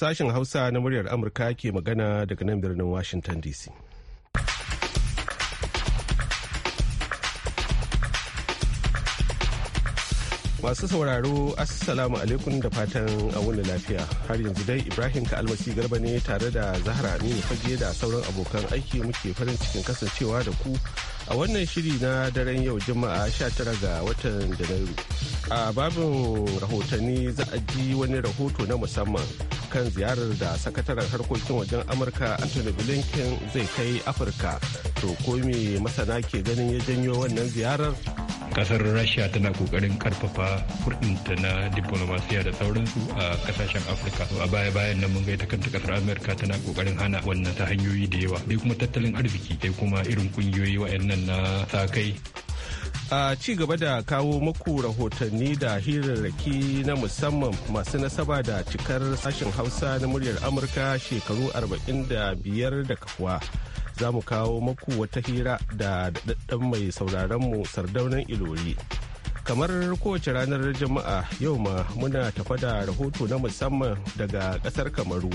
Sashen Hausa na muryar Amurka ke magana daga nan birnin Washington DC. Masu sauraro Assalamu alaikum da fatan a wani lafiya. Har yanzu dai Ibrahim ka almasi Garba ne tare da Zahra Aminu Fage da sauran abokan aiki muke farin cikin kasancewa da ku a wannan shiri na daren yau juma'a 19 ga watan janairu a babin rahotanni za a ji wani rahoto na musamman kan ziyarar da sakataren harkokin wajen amurka anthony blinken zai kai afirka to ko me masana ke ganin ya janyo wannan ziyarar kasar rasha tana kokarin karfafa furdinta na diplomasiya da sauransu a kasashen afirka a baya bayan nan mun ita kanta kasar amerika tana kokarin hana wannan ta hanyoyi da yawa dai kuma tattalin arziki dai kuma irin kungiyoyi wayannan na sa kai a ci gaba da kawo muku rahotanni da hirarraki na musamman masu nasaba da cikar sashen hausa na muryar amurka shekaru 45 da kafuwa za mu kawo maku wata hira da daɗaɗɗen mai mu sardaunan ilori kamar kowace ranar jama'a yau ma muna tafa da rahoto na musamman daga ƙasar kamaru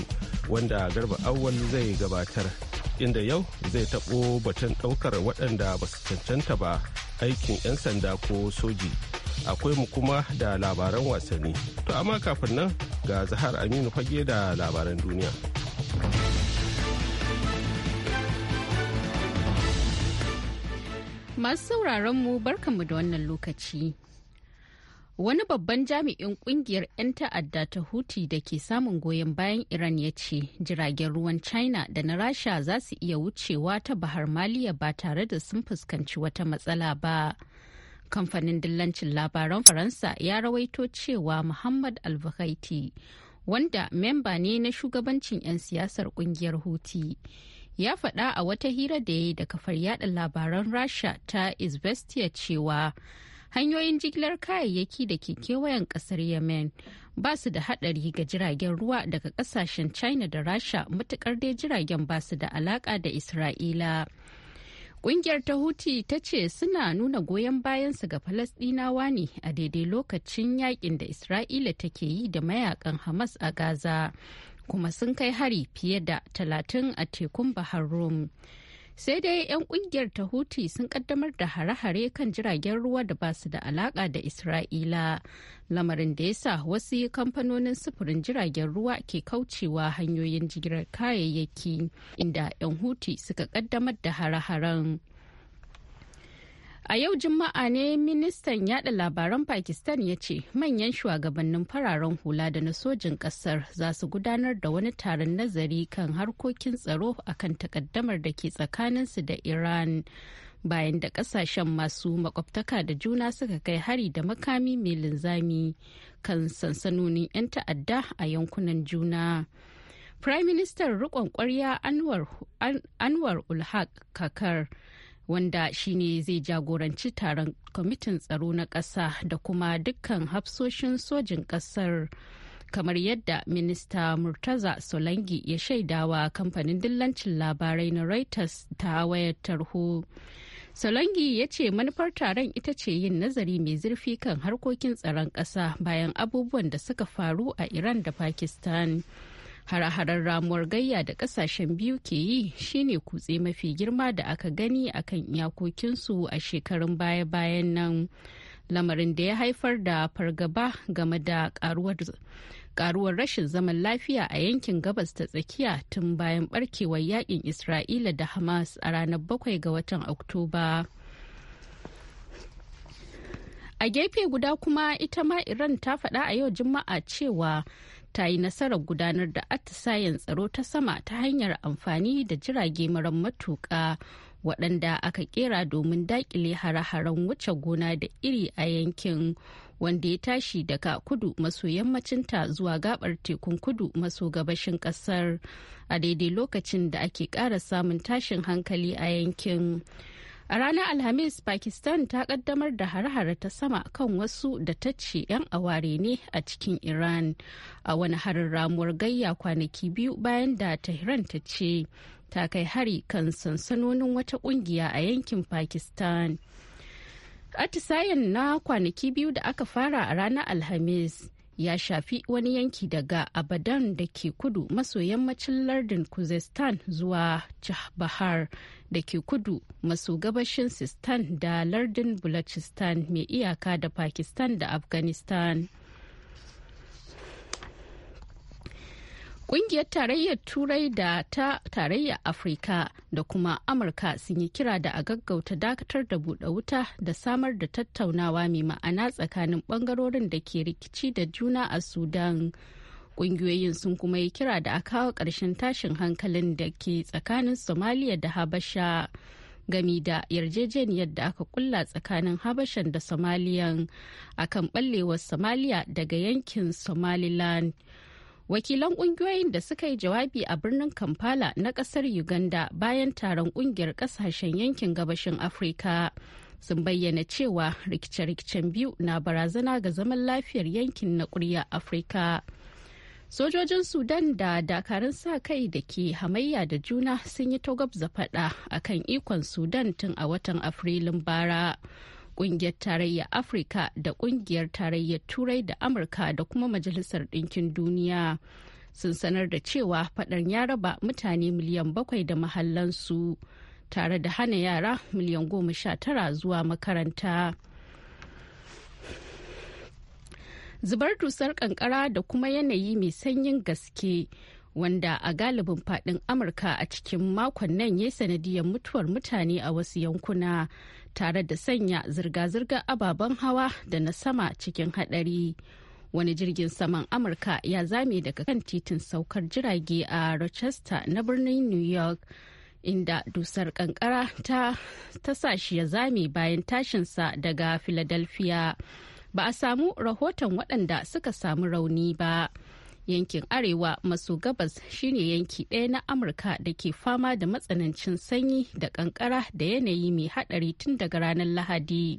wanda garba awal zai gabatar inda yau zai taɓo batun ɗaukar waɗanda ba su cancanta ba aikin 'yan sanda ko soji akwai mu kuma da labaran wasanni to amma kafin nan ga zahar aminu fage da labaran duniya. Masu sauraron mu barkanmu da wannan lokaci. Wani babban jami'in kungiyar 'yan ta'adda ta Huti da ke samun goyon bayan Iran ya ce jiragen ruwan China da na Rasha za su iya wucewa ta Bahar Maliya ba tare da sun fuskanci wata matsala ba. Kamfanin dillancin labaran Faransa ya rawaito cewa Muhammad Alvakaiti wanda memba ne na shugabancin 'yan siyasar kungiyar Huti. ya faɗa a wata hira da ya yi da kafar yada labaran rasha ta izvestia cewa hanyoyin jigilar kayayyaki da ke kewayen kasar yemen ba su da haɗari ga jiragen ruwa daga ƙasashen china da rasha matukar dai jiragen ba su da alaƙa da isra'ila Ƙungiyar ta Huti ta ce suna nuna goyon bayansu ga Falasɗinawa ne a daidai lokacin yakin da Isra'ila take yi da mayakan Hamas a Gaza, kuma sun kai hari fiye da talatin a tekun bahar rum sai dai 'yan kungiyar ta huti sun kaddamar da hare-hare kan jiragen ruwa da ba su da alaka da isra'ila lamarin da ya sa wasu kamfanonin sufurin jiragen ruwa ke kaucewa hanyoyin jigilar kayayyaki inda 'yan huti suka kaddamar da hare-haren A yau Juma'a ne ministan yada labaran Pakistan ya ce manyan shugabannin fararen hula da na sojin kasar za su gudanar da wani taron nazari kan harkokin tsaro akan takaddamar da ke tsakaninsu da Iran. Bayan da kasashen masu makwabtaka da juna suka kai hari da makami mai linzami kan sansanonin 'yan ta'adda a yankunan juna. Prime Minister riƙon ƙwarya Anwar, Anwar Ulhaq Kakar. wanda shine zai jagoranci taron kwamitin tsaro na ƙasa da kuma dukkan hafsoshin sojin ƙasar kamar yadda minista murtaza solangi ya shaidawa kamfanin dillancin labarai na reuters ta wayar tarho solangi ya ce manufar taron ita ce yin nazari mai zurfi kan harkokin tsaron ƙasa bayan abubuwan da suka faru a iran da pakistan hare ramuwar gayya da kasashen biyu ke yi shine kutse mafi girma da aka gani akan iyakokinsu a shekarun baya-bayan nan lamarin da ya haifar da fargaba game da karuwar rashin zaman lafiya a yankin gabas ta tsakiya tun bayan barkewar yakin isra'ila da hamas a ranar 7 ga watan oktoba a gefe guda kuma ita ma iran ta faɗa a yau juma'a cewa ta yi nasarar gudanar da atisayen tsaro ta sama ta hanyar amfani da jirage maran matuƙa waɗanda aka kera domin daƙile hare-haren wuce gona da iri a yankin wanda ya tashi daga kudu maso yammacinta zuwa gabar tekun kudu maso gabashin ƙasar a daidai lokacin da ake ƙara samun tashin hankali a yankin. A ranar Alhamis, Pakistan ta kaddamar da hare-hare ta sama kan wasu da ta ce 'yan aware ne a cikin Iran a wani harin ramuwar gayya kwanaki biyu bayan da Tehran ta ce ta kai hari kan sansanonin wata kungiya a yankin Pakistan. Atisayen na kwanaki biyu da aka fara a ranar Alhamis ya shafi wani yanki daga abadan da ke kudu maso yammacin lardin kuzestan zuwa bahar da ke kudu maso gabashin sistan da lardin bulachistan mai iyaka da pakistan da afghanistan Ƙungiyar tarayyar Turai da ta tarayyar Afirka da kuma Amurka sun yi kira da a gaggauta dakatar da buɗe wuta da samar da tattaunawa mai ma'ana tsakanin ɓangarorin da ke rikici da juna a Sudan. Ƙungiyoyin sun kuma yi kira da a kawo ƙarshen tashin hankalin da ke tsakanin somalia da Habasha. gami da yarjejeniyar da aka kulla tsakanin habashan da somaliyan akan ɓallewar somaliya daga yankin somaliland wakilan kungiyoyin da suka yi jawabi a birnin kampala na kasar uganda bayan taron kungiyar kasashen yankin gabashin afirka sun bayyana cewa rikice-rikicen biyu na barazana ga zaman lafiyar yankin na kurya afirka sojojin sudan da dakarun sa kai da ke hamayya da juna sun yi togab faɗa akan ikon sudan tun a watan afrilun bara kungiyar tarayya afirka da kungiyar tarayyar turai da amurka da kuma majalisar ɗinkin duniya sun sanar da cewa faɗan ya raba mutane miliyan bakwai da mahallansu tare da hana yara miliyan goma sha tara zuwa makaranta zubar dusar kankara da kuma yanayi mai sanyin gaske wanda a galibin fadin amurka a cikin makon nan ya sanadiyar mutuwar mutane a wasu yankuna tare da sanya zirga-zirgar ababen hawa da na sama cikin haɗari. Wani jirgin saman Amurka ya zame daga kan titin saukar jirage a Rochester na birnin New York. inda dusar kankara ta, ta sa ya zame bayan tashinsa daga philadelphia ba a samu rahoton waɗanda suka samu rauni ba. yankin arewa maso gabas shine yanki ɗaya na amurka da ke fama da matsanancin sanyi da kankara da yanayi mai haɗari tun daga ranar lahadi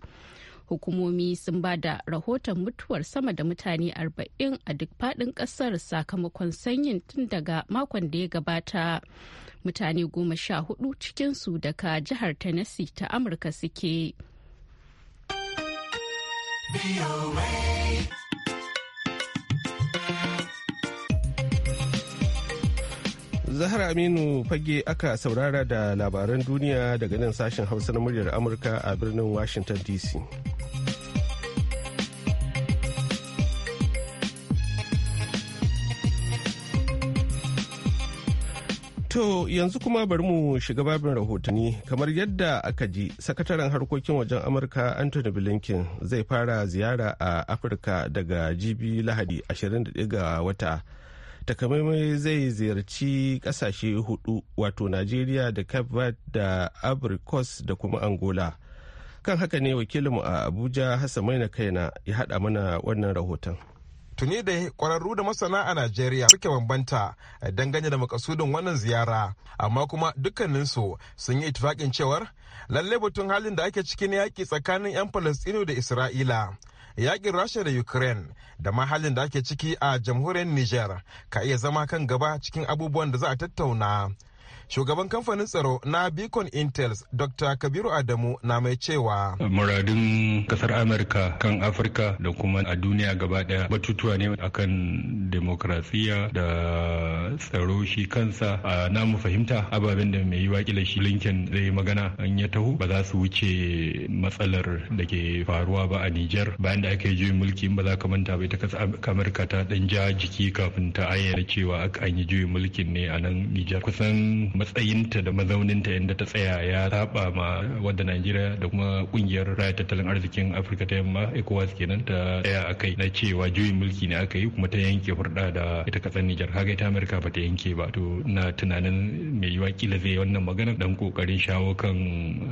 hukumomi sun ba da rahoton mutuwar sama da mutane 40 a duk faɗin ƙasar sakamakon sanyin tun daga makon da ya gabata mutane goma sha hudu cikinsu daga jihar tennessee ta amurka suke. Zahra Aminu fage aka saurara da labaran duniya daga nan sashen Hausa na muryar Amurka a birnin Washington DC. To yanzu kuma bari mu shiga babin rahotanni kamar yadda aka ji sakataren harkokin wajen Amurka Anthony Blinken zai fara ziyara a Afirka daga jibi Lahadi 21 ga wata. takamaimai zai ziyarci kasashe hudu wato najeriya da cape verde da abricos da kuma angola kan haka ne wakilinmu a abuja hassan na kaina ya hada mana wannan rahoton tuni da kwararru da masana a Najeriya suke bambanta eh, dangane da makasudin wannan ziyara amma kuma dukkaninsu sun yi itifakin cewar lalle batun halin da ake cikin yaƙi tsakanin 'yan Falastinu da Isra'ila yaƙin Rasha da Ukraine da ma halin da ake ciki a jamhuriyar Niger ka iya zama kan gaba cikin abubuwan da za a tattauna shugaban kamfanin tsaro na beacon intels dr kabiru adamu na mai cewa muradun kasar amurka kan afirka da kuma a duniya gaba daya batutuwa ne akan demokrasiya da tsaro shi kansa a namu fahimta ababen da mai yi wakila shi linkin zai magana an ya tahu ba za su wuce matsalar da ke faruwa ba a niger bayan da aka yi juyin mulki ba za ka manta bai ta amurka ta dan ja jiki kafin ta ayyana cewa an yi juyin mulkin ne a nan niger kusan matsayinta da mazauninta inda ta tsaya ya saba ma wadda najeriya da kuma kungiyar raya tattalin arzikin afirka ta yamma ecowas kenan ta tsaya a kai na cewa juyin mulki ne aka yi kuma ta yanke hurɗa da ita kasar nijar haka ita amurka ba ta yanke ba to na tunanin mai yiwa kila zai wannan magana dan kokarin shawo kan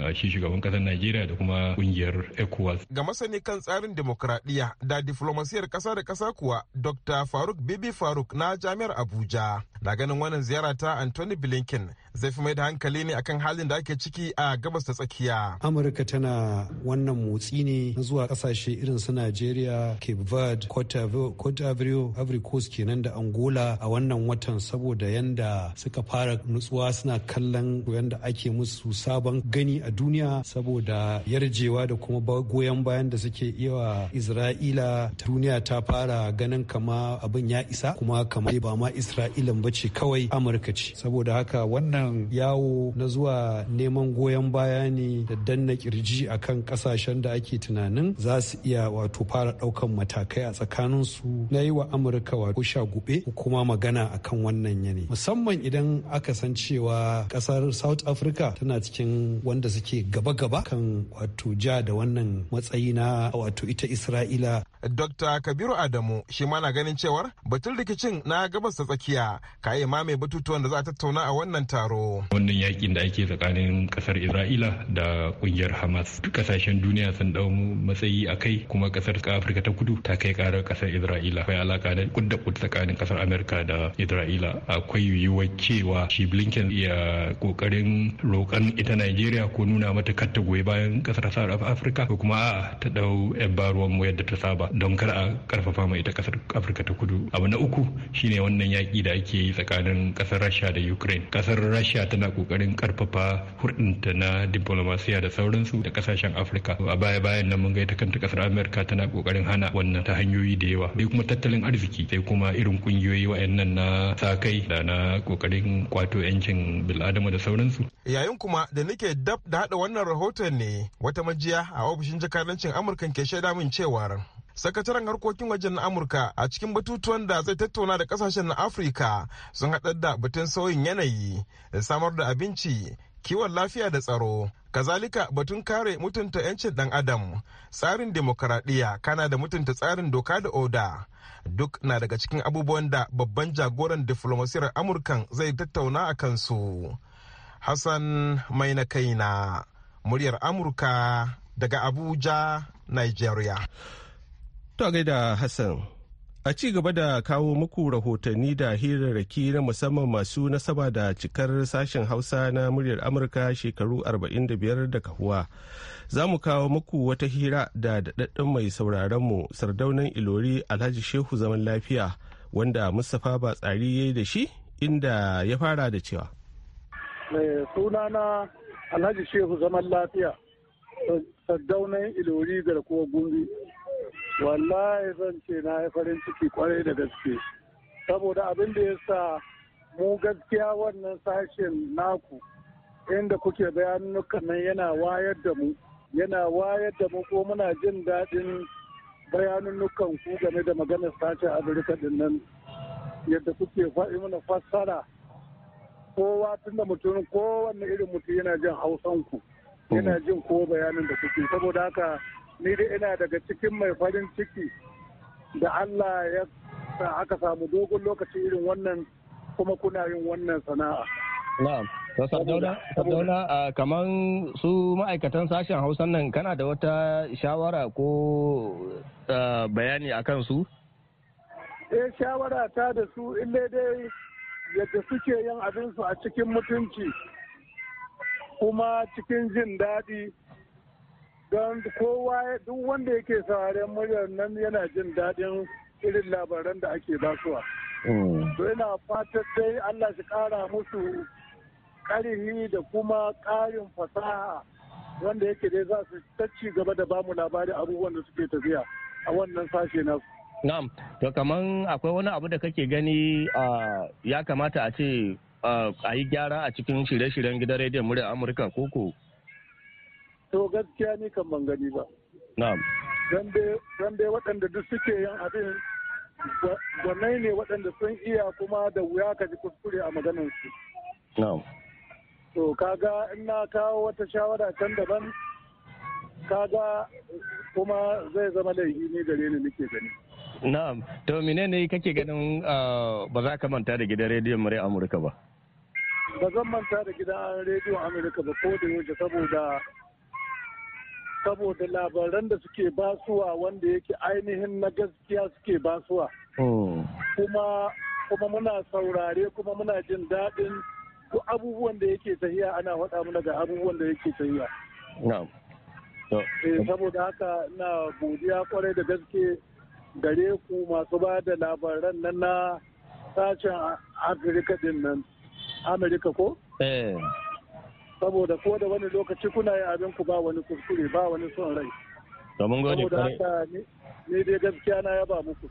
ah, shi shugaban kasar najeriya da kuma kungiyar ecowas ga masani kan tsarin demokradiyya da diflomasiyar kasa da kasa kuwa dr faruk bibi faruk na jami'ar abuja na ganin wannan ziyara ta Anthony Blinken zai fi mai da hankali ne akan halin da ake ciki a gabas ta tsakiya. Amurka tana wannan motsi ne na zuwa kasashe irin su nigeria Cape Verde, Cote d'Ivoire, Ivory Coast kenan da Angola a wannan watan saboda yanda suka fara nutsuwa suna kallon yanda ake musu sabon gani a duniya saboda yarjewa da kuma goyon bayan da suke iya Isra'ila duniya ta fara ganin kama abin ya isa kuma kama ba ma Isra'ilan ba ce kawai amurka ce saboda haka wannan yawo na zuwa neman goyon baya ne da danna kirji akan kasashen da ake tunanin za su iya wato fara ɗaukan matakai a tsakaninsu na yi wa amurka wato shagube kuma magana akan wannan yane musamman idan aka san cewa kasar south africa tana cikin wanda suke gaba-gaba kan wato ja da wannan matsayi na wato ita isra'ila Dr. Kabiru Adamu shi ma na ganin cewar batun rikicin na gabas ta tsakiya ka yi mame batutuwan da za a tattauna a wannan taro. Wannan yakin da ake tsakanin kasar Isra'ila da kungiyar Hamas kasashen duniya sun dau matsayi a kai kuma kasar Afirka ta kudu ta kai karar kasar Isra'ila akwai alaka da kudda tsakanin kasar Amurka da Isra'ila akwai yiwuwar cewa shi Blinken ya kokarin roƙan ita Najeriya ko nuna mata kar ta goyi bayan kasar Afirka ko kuma a'a ta dau yan baruwan mu yadda ta saba don kar a karfafa mai ita kasar afirka ta kudu abu na uku shine wannan yaƙi da ake yi tsakanin kasar rasha da ukraine kasar rasha tana kokarin karfafa hurɗinta na diplomasiya da sauransu da kasashen afirka a baya bayan nan mun ga ita kanta kasar amerika tana kokarin hana wannan ta hanyoyi da yawa sai kuma tattalin arziki sai kuma irin kungiyoyi wa'annan na sa kai da na kokarin kwato yancin bil'adama da sauransu yayin kuma da nake dab da hada wannan rahoton ne wata majiya a ofishin jakadancin amurkan ke shaida min cewar sakataren harkokin wajen na amurka a cikin batutuwan da zai tattauna da kasashen na afirka sun haɗar da batun sauyin yanayi da samar da abinci kiwon lafiya da tsaro kazalika batun kare mutunta 'yancin ɗan adam tsarin demokaradiyya kana da mutunta tsarin doka da oda duk na daga cikin abubuwan da babban jagoran diflomasiyar amurkan zai tattauna a kansu hassan mai na na, muryar amurka daga abuja nigeria To gaida Hassan. A ci gaba da kawo muku rahotanni da hirarraki na musamman masu nasaba da cikar sashen Hausa na muryar Amurka shekaru 45 da kahuwa. Za mu kawo muku wata hira da daɗaɗɗen mai sauraronmu sardaunan Ilori Alhaji Shehu zaman lafiya wanda Mustapha tsari ya yi da shi inda ya fara da cewa. Eh, sunana Alhaji Shehu zaman lafiya, sardaunan Ilori garkuwar gumbi. wallahi zan ce na yi farin ciki kwarai da gaske saboda abin da ya sa mu gaskiya wannan sashen naku inda kuke bayanukan nan yana wayar da mu yana wayar da mu ko muna jin daɗin bayanukan ku game da maganar sashen afirka din nan yadda kuke faɗi mana fassara kowa tun da mutum kowanne irin mutum yana jin hausanku yana jin ko bayanin da kuke saboda haka ni dai ina daga cikin mai farin ciki da Allah ya sa aka samu dogon lokaci irin wannan kuma kuna yin wannan sana'a. Na'am. a kamar su ma'aikatan sashen Hausa nan kana da wata shawara ko bayani a kansu? Eh shawara ta da su ille dai yadda suke yin abinsu a cikin mutunci kuma cikin jin daɗi. don kowa duk wanda yake sauraren muryar nan yana jin daɗin irin labaran da ake basuwa. Hmm. To ina fatan dai Allah shi ƙara musu ƙarihi da kuma ƙarin fasaha wanda yake dai za su ta ci gaba da bamu labari abubuwan da suke tafiya a wannan sashe na Na'am, to kaman akwai wani abu da kake gani ya kamata a ce a yi gyara a cikin shirye-shiryen gidan rediyon murya Amurka koko to gaskiya ni kan ban gani ba na'am dai waɗanda duk suke yin abin gwanai ne waɗanda sun iya kuma da wuya ka ji kuskure a maganar su na'am to kaga in na kawo wata shawara can daban kaga kuma zai zama laifi ne gare ni nake gani na'am to mine ne kake ganin ah, ba za ka manta da gidan rediyon murya amurka ba ba zan manta da gidan rediyon amurka ba ko da yaushe saboda saboda labaran da suke basuwa wanda yake ainihin na gaskiya suke basuwa hmm. kuma kuma muna saurare kuma muna jin daɗin duk abubuwan da yake tahiya ana faɗa mana ga abubuwan da yake tahiya eh, saboda haka na godiya kwarai da gaske gare ku masu ba da labaran nan na sashen afirka din nan amerika ko? Eh. saboda ko da wani lokaci kuna yi abin ku ba wani kuskure ba wani son rai domin gode kare dai gaskiya na yaba muku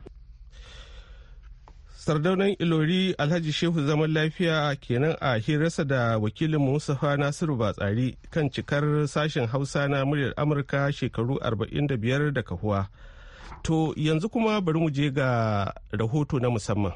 sardaunan ilori alhaji shehu zaman lafiya kenan a hirarsa da wakilin musafa nasiru batsari kan cikar sashen hausa na muryar amurka shekaru 45 da kahuwa to yanzu kuma bari mu je ga rahoto na musamman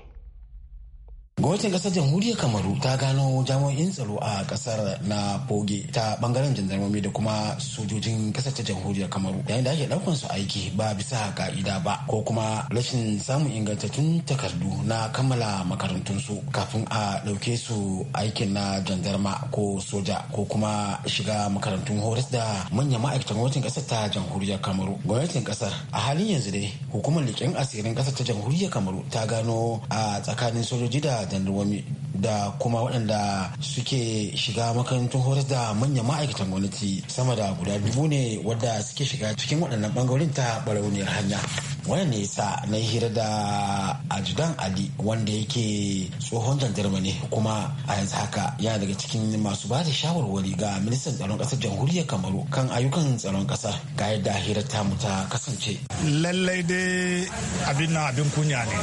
gwamnatin kasar jamhuriyar kamaru ta gano jami'in tsaro a ƙasar na boge ta bangaren jandarmomi da kuma sojojin kasar ta jamhuriyar kamaru yayin da ake daukan su aiki ba bisa ka'ida ba ko kuma rashin samun ingantattun takardu na kammala makarantun su kafin a ɗauke su aikin na jandarma ko soja ko kuma shiga makarantun Horis da manyan ma'aikatan gwamnatin kasar ta jamhuriyar kamaru gwamnatin kasar a halin yanzu dai hukumar leƙen asirin kasar ta jamhuriyar kamaru ta gano a tsakanin sojoji da ma'aikatan ruwami da kuma waɗanda suke shiga makarantun horas da manyan ma'aikatan gwamnati sama da guda dubu ne wadda suke shiga cikin waɗannan ɓangarorin ta barauniyar hanya wani ne sa na hira da ajudan ali wanda yake tsohon jandarma ne kuma a yanzu haka yana daga cikin masu ba da shawarwari ga ministan tsaron ƙasar jamhuriyar kamaru kan ayyukan tsaron kasa ga yadda hira ta ta kasance lallai dai abin na abin kunya ne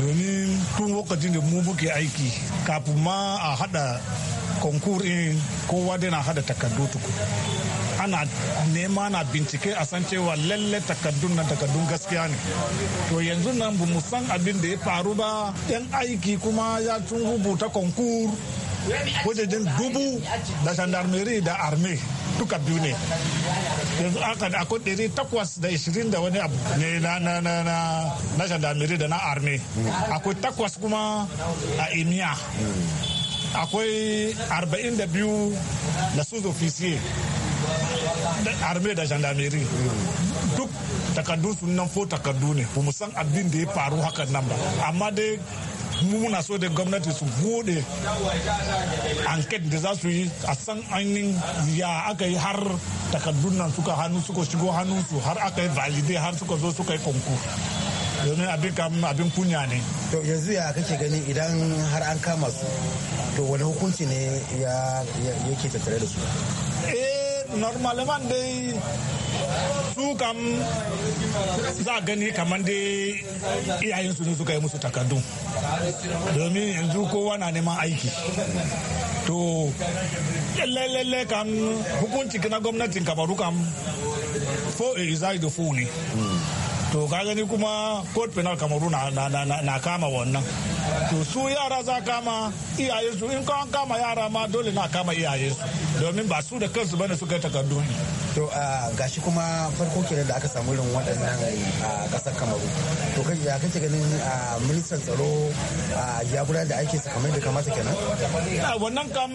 domin tun lokacin da mu muke aiki kafin ma a hada konkur in kowa dai na hada takardu tuku ana nema na bincike a san cewa lalle takardun na takardun gaskiya ne to yanzu nan ba mu san abin da ya faru ba yan aiki kuma ya tun rubuta konkur wajejen dubu da gendarmerie da arme duka biyu ne yanzu aka da akwai ɗari takwas da ishirin da wani abu ne na na na na na gendarmerie da na akwai takwas kuma a imiya akwai arba'in da biyu sous officier da gendarmerie duk takardun sunan fo takardu ne ba mu san abin da ya faru hakan nan ba amma dai muna so da gwamnati su bude anket da za su yi a san ainihin ya aka yi har takardun nan suka hannu suka shigo hannunsu har aka yi valide har suka zo suka yi konkur domin abin kam abin kunya ne to yanzu ya kake gani idan har an kama su to wani hukunci ne ya yake tattare da su eh normalement dai su kam za gani kamar dai iyayensu ne suka yi musu takardu domin yanzu kowa na neman aiki to lalle kan hukunci na gwamnatin kabaru kam fo a da fo ne to ka gani kuma court penal kamaru na kama wannan to su yara za kama iyaye su in kama yara ma dole na kama iyaye su domin ba su da kansu bane suka takardu to a gashi kuma farko kenan da aka samu irin waɗannan a ƙasar kamaru to kai ya kake ganin a ministan tsaro a ya gudanar da aiki sakamai da kamata kenan wannan kam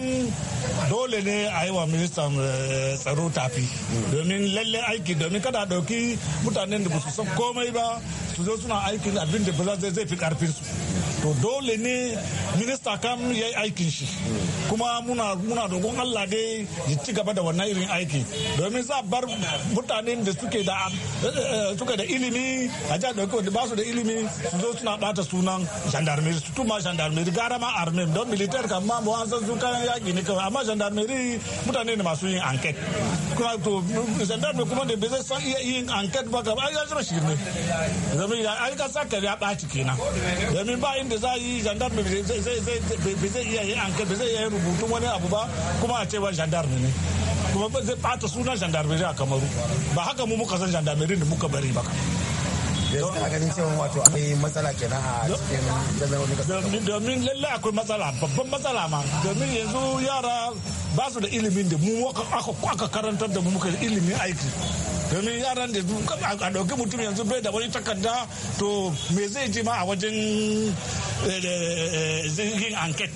dole ne a yi wa ministan eh, tsaro tafi hmm. domin lalle aiki domin kada ɗauki mutanen da ba su san komai ba su zo suna aikin abin da ba zai fi karfin su to dole ne minista kam ya yi aikin shi kuma muna muna dogon Allah dai ya ci gaba da wannan irin aiki domin za bar mutanen da suke da eh, suke da ilimi a jihar da da ba su da ilimi su zo suna bata sunan gendarmerie su tuma gendarmerie gara ma armem don militaire kam ma an san su kayan yaki ne kawai amma gendarmerie mutane ne masu yin enquête kuma to gendarmerie kuma da bai zai san iya yin enquête ba ka ba ya shirme domin an ka tsakar ya ɓaci kenan domin ba inda za yi gendarme bai zai iya an kai bai zai iya yi rubutun wani abu ba kuma a ce ba gendarme ne kuma zai ɓata sunan gendarmerie a kamaru ba haka mu muka san gendarmerie da muka bari ba don a ganin cewa wato akwai matsala a cikin jami'o'in kasa domin lallai akwai matsala babban matsala ma domin yanzu yara ba su da ilimin da mu aka karantar da mu muka ilimin aiki domin yaran da a ɗauki mutum yanzu bai da wani takarda to me zai ji ma a wajen eh, eh, eh, yin anket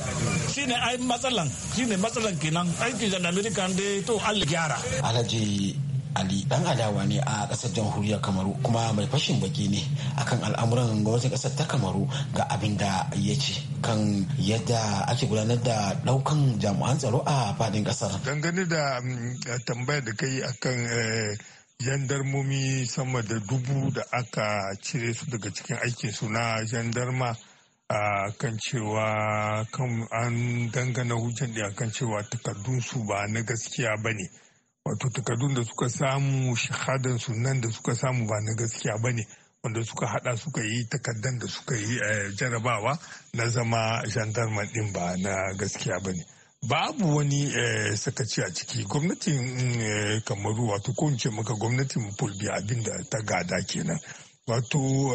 shi ne ai matsalan shi ne matsalan kenan aiki da amerika dai to allah gyara alhaji ali dan adawa ne a kasar jamhuriyar kamaru kuma mai fashin baki ne akan al'amuran gwamnatin kasar ta kamaru ga abin da ya ce kan yadda ake gudanar da daukan jami'an tsaro a fadin kasar dangane da mm, tambayar da kai akan eh, jandarmomi sama da dubu da aka cire su daga cikin aikin su na jandarma a kan cewa kan an dangana hujjan da kan cewa takardun su ba na gaskiya ba ne wato takardun da suka samu shahadan sunan da suka samu ba na gaskiya ba ne wanda suka hada suka yi takardan da suka yi eh, jarabawa na zama gendarman din ba na gaskiya ba ne babu wani eh, sakaci a ciki gwamnatin eh, kamaru wato ko maka gwamnatin fulbi abin da ta gada kenan wato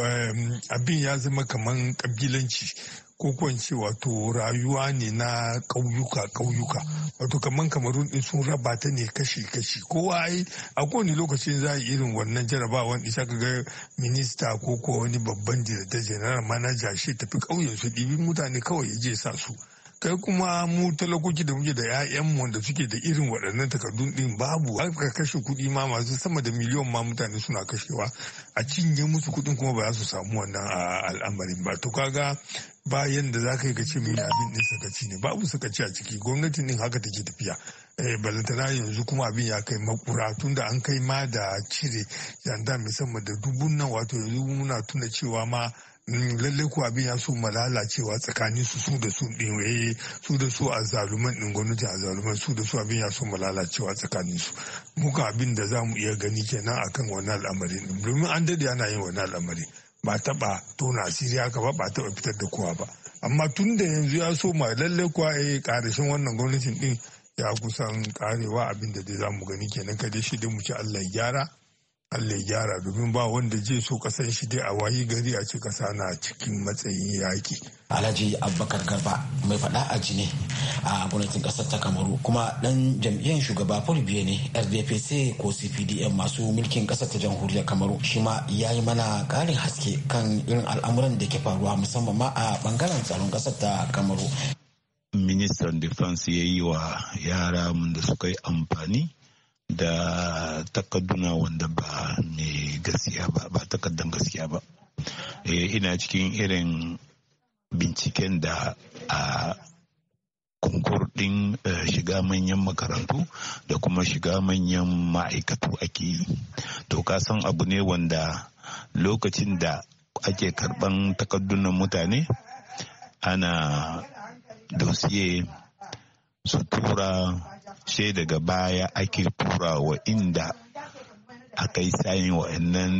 abin ya zama kaman kabilanci ko kwance wato rayuwa ne na kauyuka kauyuka wato kamar kamarun din sun raba ta ne kashi kashi kowa ai a kowane lokaci za a irin wannan jarabawan isa ka ga minista ko ko wani babban director general manaja shi tafi ƙauyen su ɗibi mutane kawai ya je sa su kai kuma mu talakoki da muke da 'ya'yanmu da suke da irin waɗannan takardun ɗin babu aka kashe kuɗi ma masu sama da miliyan ma mutane suna kashewa a cinye musu kuɗin kuma ba za su samu wannan al'amarin ba to kaga bayan da za ka yi ka mai abin ɗin sakaci ne babu sakaci a ciki gwamnatin ɗin haka take tafiya eh, balantana yanzu kuma abin ya kai makura tunda an kai ma da cire yanda musamman da dubun nan wato yanzu muna tuna cewa ma Mm, lallai ko abin ya so lalacewa tsakanin su su da su ɗin eh, su da su a zaluman ɗin gwamnati a zaluman su da su abin ya so lalacewa tsakanin su muka abin da za mu iya gani kenan akan wani al'amari domin an dade ana yin wani al'amari ba taɓa tona asiri haka ba ba taɓa fitar da kowa ba amma tun da yanzu ya so ma lallai kuwa ya eh, ƙarashin wannan gwamnatin din ya kusan karewa abin da dai za mu gani kenan ka dai shi dai mu ci Allah ya gyara Allah ya gyara domin ba wanda zai so kasan shi dai a wayi gari a ce kasa na cikin matsayin yaki. Alhaji Abubakar Garba mai faɗa a jini a gwamnatin ƙasar ta Kamaru kuma ɗan jam'iyyar shugaba Paul Biya ne RDPC ko CPDM masu mulkin ƙasar ta jamhuriyar Kamaru shi ma ya yi mana ƙarin haske kan irin al'amuran da ke faruwa musamman ma a ɓangaren tsaron ƙasar ta Kamaru. Ministan Defense ya yi wa yara da suka yi amfani da takadduna wanda ba mai gaskiya ba ba takaddan gaskiya ba eh, ina cikin irin binciken da a kunkur ɗin eh, shiga manyan makarantu da kuma shiga manyan ma'aikatu ake yi to ka san abu ne wanda lokacin da ake karɓan takaddunan mutane ana dosiye su tura sai daga baya ake tura wa inda aka yi sayin wa'annan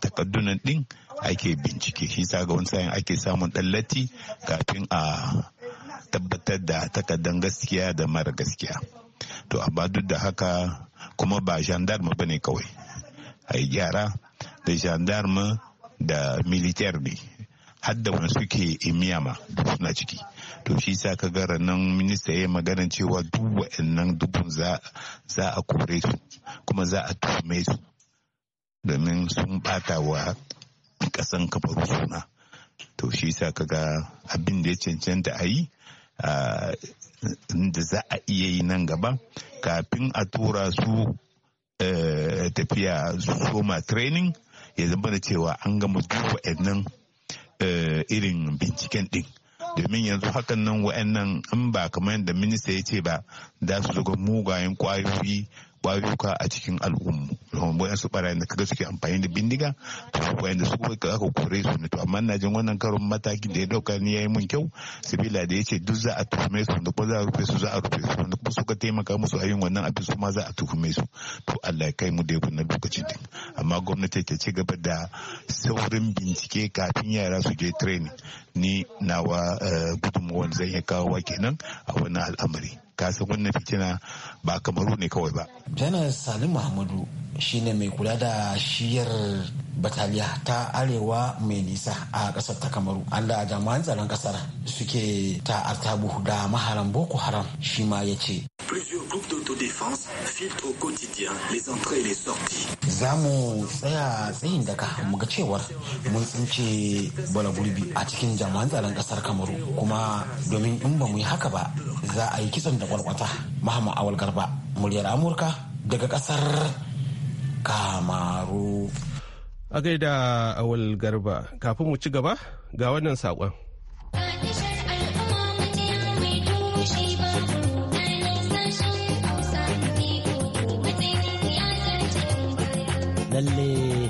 takaddunan din ake bincike shi sa ga wani sayin ake samun ɗallati kafin a tabbatar da takaddan gaskiya da mara gaskiya to amma duk da haka kuma ba gendarme ba ne kawai a yi gyara da gendarme da militaire ne hadda wani suke imiyama suna ciki to shi sa ka ga ranar minista ya magana cewa duk wa'annan dubu za a kore su kuma za a tume su domin sun bata wa kasan kafar suna to shi sa ka ga abin da ya cancanta a yi da za a iya yi nan gaba kafin a tura su e, tafiya soma training ya zama da cewa an gama duk wa'annan e, irin binciken din domin yanzu hakan nan wa'annan in ba kamar yadda minista ya ce ba za su zuga mugayen kwayoyi kwayoyuka a cikin al'ummu wayan su barayin da kaga suke amfani da bindiga to kuma wayan da su kaga kore su ne to amma na jin wannan karon mataki da ya dauka ni yayi mun kyau sabila da yace duk za a tuhume su da ko za a rufe su za a rufe su da kuma suka taimaka musu a yin wannan abin su ma za a tuhume su to Allah ya kai mu da na lokacin din amma gwamnati ta ci gaba da saurin bincike kafin yara su je training ni nawa eh, gudunmawar zai iya kawo kenan a wannan al'amari kasan wannan fitina ba kamaru ne kawai ba. janar salim muhammadu shine mai kula da shiyar bataliya ta arewa mai nisa a kasar ta kamaru da jami'an tsaron kasar suke ta buhu da maharan boko haram shi ma ya ce défense filtre au quotidien les entrées et les sorties. Za mu tsaya tsayin daga muga cewar mun tsince bala a cikin jami'an tsaron kasar Kamaru kuma domin in ba mu yi haka ba za a yi kitson da kwalkwata. Mahama Awal Garba, muryar Amurka daga kasar Kamaru. A gaida Awal Garba, kafin mu ci gaba ga wannan saƙon.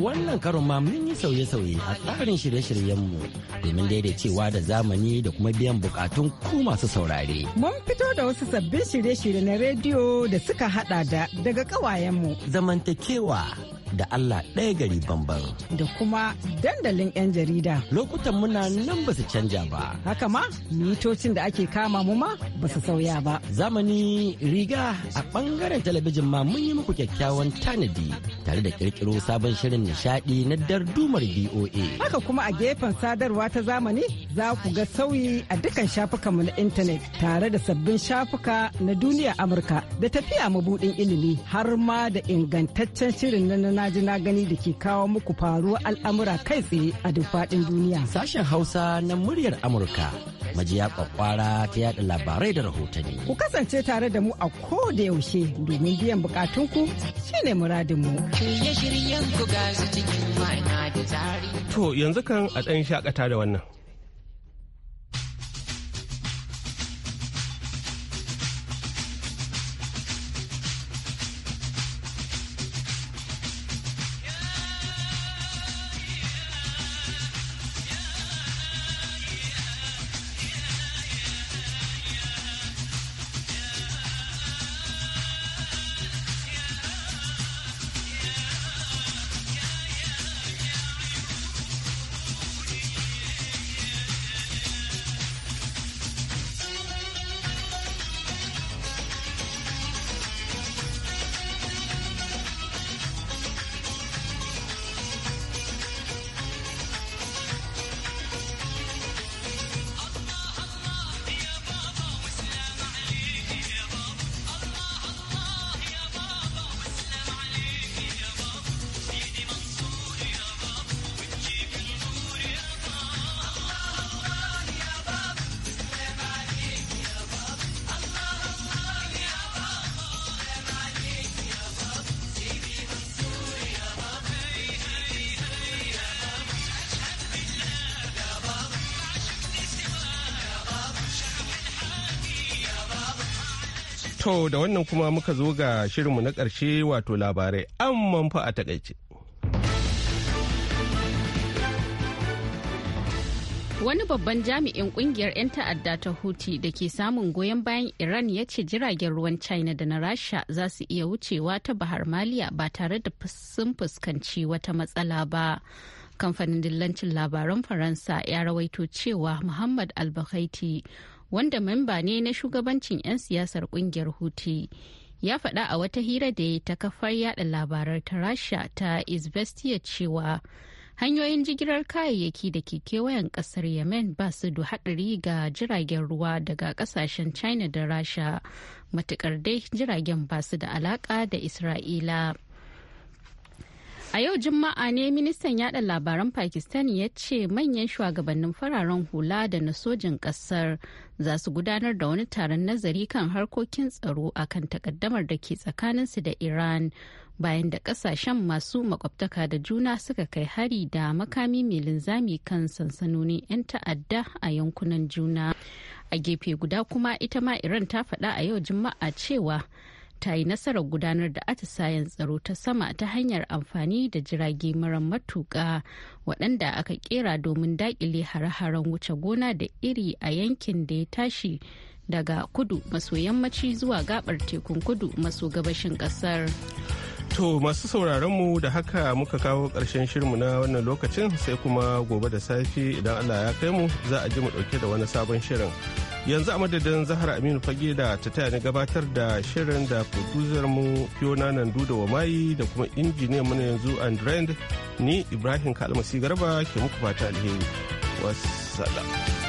wannan karon ma mun yi sauye-sauye a tsarin shirye-shiryenmu domin daidaicewa da zamani da kuma biyan bukatun ku masu saurare. Mun fito da wasu sabbin shirye-shirye na rediyo da suka hada da daga kawayenmu. Zamantakewa da Allah ɗaya gari bambam. Da kuma dandalin 'yan jarida. Lokutan muna nan ba su canja ba. Haka ma, mitocin da ake kama mu ma ba su sauya ba. Zamani riga a ɓangaren talabijin ma mun yi muku kyakkyawan tanadi tare da ƙirƙiro sabon shirin nishaɗi na dardumar BOA. Haka kuma a gefen sadarwa ta zamani za ku ga sauyi a dukkan mu na intanet tare da sabbin shafuka na duniya Amurka da tafiya mabuɗin ilimi har ma da ingantaccen shirin na na ji na gani da ke kawo muku faruwar al'amura kai tsaye a duk faɗin duniya. Sashen Hausa na muryar Amurka majiya kwakwara ta yada labarai da rahotanni. Ku kasance tare da mu a ko da yaushe domin biyan bukatunku shine muradinmu. To yanzu kan a ɗan shakata da wannan. To da wannan kuma muka zo ga shirinmu na ƙarshe wato labarai an manfa a takaice. Wani babban jami'in kungiyar 'yan ta'adda ta Houthi da ke samun goyon bayan Iran ya ce jiragen ruwan China da na Rasha za su iya wucewa ta Bahar Maliya ba tare da sun fuskanci wata matsala ba. Kamfanin dillancin labaran Faransa ya rawaito cewa Muhammad al wanda memba ne na shugabancin 'yan siyasar kungiyar huti ya faɗa a wata hira da ya ta kafar yada labarar ta rasha ta izvestiya cewa hanyoyin jigilar kayayyaki da ke kewayen kasar yemen ba su da haɗari ga jiragen ruwa daga kasashen china da rasha matukar dai jiragen ba su da alaka da isra'ila A yau Juma'a ne ministan yada labaran Pakistan ya ce manyan shugabannin fararen hula da na sojin kasar za su gudanar da wani taron nazari kan harkokin tsaro a kan takaddamar da ke tsakaninsu da Iran bayan da kasashen masu makwabtaka da juna suka kai hari da makami mai linzami kan sansanoni 'yan ta'adda a yankunan juna. A gefe guda kuma ita ma Iran ta faɗa a yau Juma'a cewa. ta yi nasarar gudanar da atisayen tsaro ta sama ta hanyar amfani da jirage mara matuƙa waɗanda aka kera domin daƙile hare-haren wuce gona da iri a yankin da ya tashi daga kudu maso yammaci zuwa gabar tekun kudu maso gabashin ƙasar. To masu sauraron mu da haka muka kawo ƙarshen shirmu na wannan lokacin sai kuma gobe da safe idan Allah ya kai mu za a ji mu ɗauke da wani sabon shirin. yanzu a madadin zahar aminu fage da ta taya ni gabatar da shirin da producer mu fiona duda wa wamayi da kuma injiniyan mana yanzu andrend ni ibrahim kalmasi garba ke muku fata alheri wasu